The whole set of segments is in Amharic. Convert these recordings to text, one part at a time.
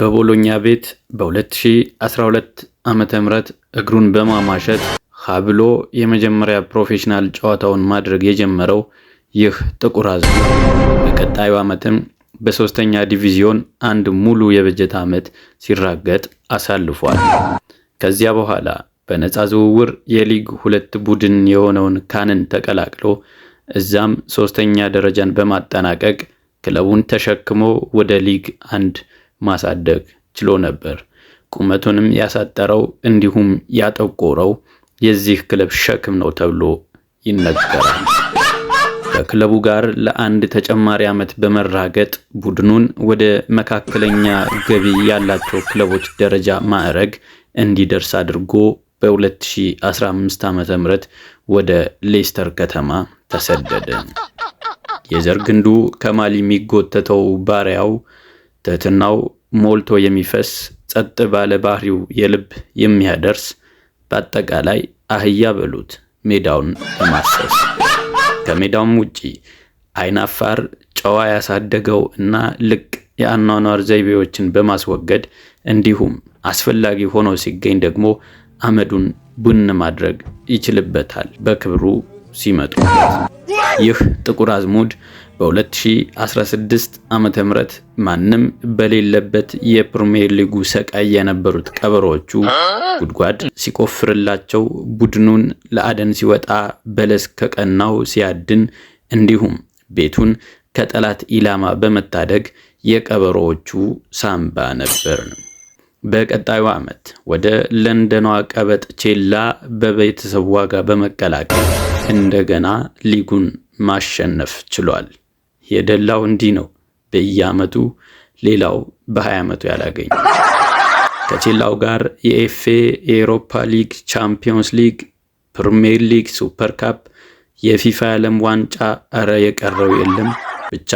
በቦሎኛ ቤት በ2012 ዓ ም እግሩን በማማሸት ሀብሎ የመጀመሪያ ፕሮፌሽናል ጨዋታውን ማድረግ የጀመረው ይህ ጥቁር አዝሙ በቀጣዩ ዓመትም በሶስተኛ ዲቪዚዮን አንድ ሙሉ የበጀት ዓመት ሲራገጥ አሳልፏል። ከዚያ በኋላ በነፃ ዝውውር የሊግ ሁለት ቡድን የሆነውን ካንን ተቀላቅሎ እዛም ሶስተኛ ደረጃን በማጠናቀቅ ክለቡን ተሸክሞ ወደ ሊግ አንድ ማሳደግ ችሎ ነበር። ቁመቱንም ያሳጠረው እንዲሁም ያጠቆረው የዚህ ክለብ ሸክም ነው ተብሎ ይነገራል። ከክለቡ ጋር ለአንድ ተጨማሪ ዓመት በመራገጥ ቡድኑን ወደ መካከለኛ ገቢ ያላቸው ክለቦች ደረጃ ማዕረግ እንዲደርስ አድርጎ በ2015 ዓ.ም ወደ ሌስተር ከተማ ተሰደደ። የዘር ግንዱ ከማሊ የሚጎተተው ባሪያው ትህትናው ሞልቶ የሚፈስ ጸጥ ባለ ባህሪው የልብ የሚያደርስ በአጠቃላይ አህያ በሉት ሜዳውን ለማሰስ ከሜዳውም ውጪ አይን አፋር ጨዋ ያሳደገው እና ልቅ የአኗኗር ዘይቤዎችን በማስወገድ እንዲሁም አስፈላጊ ሆኖ ሲገኝ ደግሞ አመዱን ቡን ማድረግ ይችልበታል በክብሩ ሲመጡ። ይህ ጥቁር አዝሙድ በ2016 ዓ ም ማንም በሌለበት የፕሪምየር ሊጉ ሰቃይ የነበሩት ቀበሮዎቹ ጉድጓድ ሲቆፍርላቸው ቡድኑን ለአደን ሲወጣ በለስ ከቀናው ሲያድን እንዲሁም ቤቱን ከጠላት ኢላማ በመታደግ የቀበሮዎቹ ሳምባ ነበር። በቀጣዩ ዓመት ወደ ለንደኗ ቀበጥ ቼላ በቤተሰብ ዋጋ በመቀላቀል እንደገና ሊጉን ማሸነፍ ችሏል። የደላው እንዲህ ነው። በየዓመቱ ሌላው በ20 ዓመቱ ያላገኘ ከቼላው ጋር የኤፍኤ የኤሮፓ ሊግ፣ ቻምፒዮንስ ሊግ፣ ፕሪሚየር ሊግ፣ ሱፐር ካፕ፣ የፊፋ የዓለም ዋንጫ እረ የቀረው የለም። ብቻ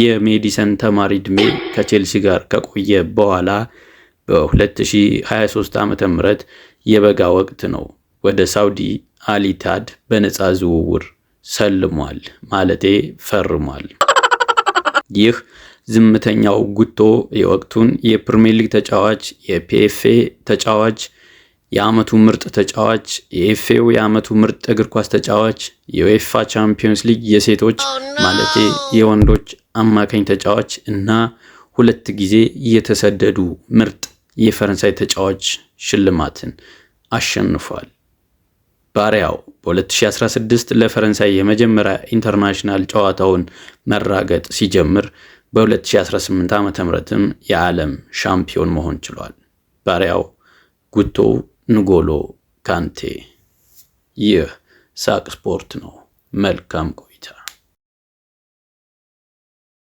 የሜዲሰን ተማሪ ዕድሜ ከቼልሲ ጋር ከቆየ በኋላ በ2023 ዓ ም የበጋ ወቅት ነው ወደ ሳውዲ አሊታድ በነፃ ዝውውር ሰልሟል፣ ማለቴ ፈርሟል። ይህ ዝምተኛው ጉቶ የወቅቱን የፕሪሚየር ሊግ ተጫዋች፣ የፒኤፍኤ ተጫዋች፣ የአመቱ ምርጥ ተጫዋች፣ የኤፍኤው የዓመቱ ምርጥ እግር ኳስ ተጫዋች፣ የዌፋ ቻምፒዮንስ ሊግ የሴቶች oh ማለቴ የወንዶች አማካኝ ተጫዋች እና ሁለት ጊዜ የተሰደዱ ምርጥ የፈረንሳይ ተጫዋች ሽልማትን አሸንፏል። ባሪያው በ2016 ለፈረንሳይ የመጀመሪያ ኢንተርናሽናል ጨዋታውን መራገጥ ሲጀምር በ2018 ዓ ምትም የዓለም ሻምፒዮን መሆን ችሏል። ባሪያው ጉቶው ንጎሎ ካንቴ። ይህ ሳቅ ስፖርት ነው። መልካም ቆይ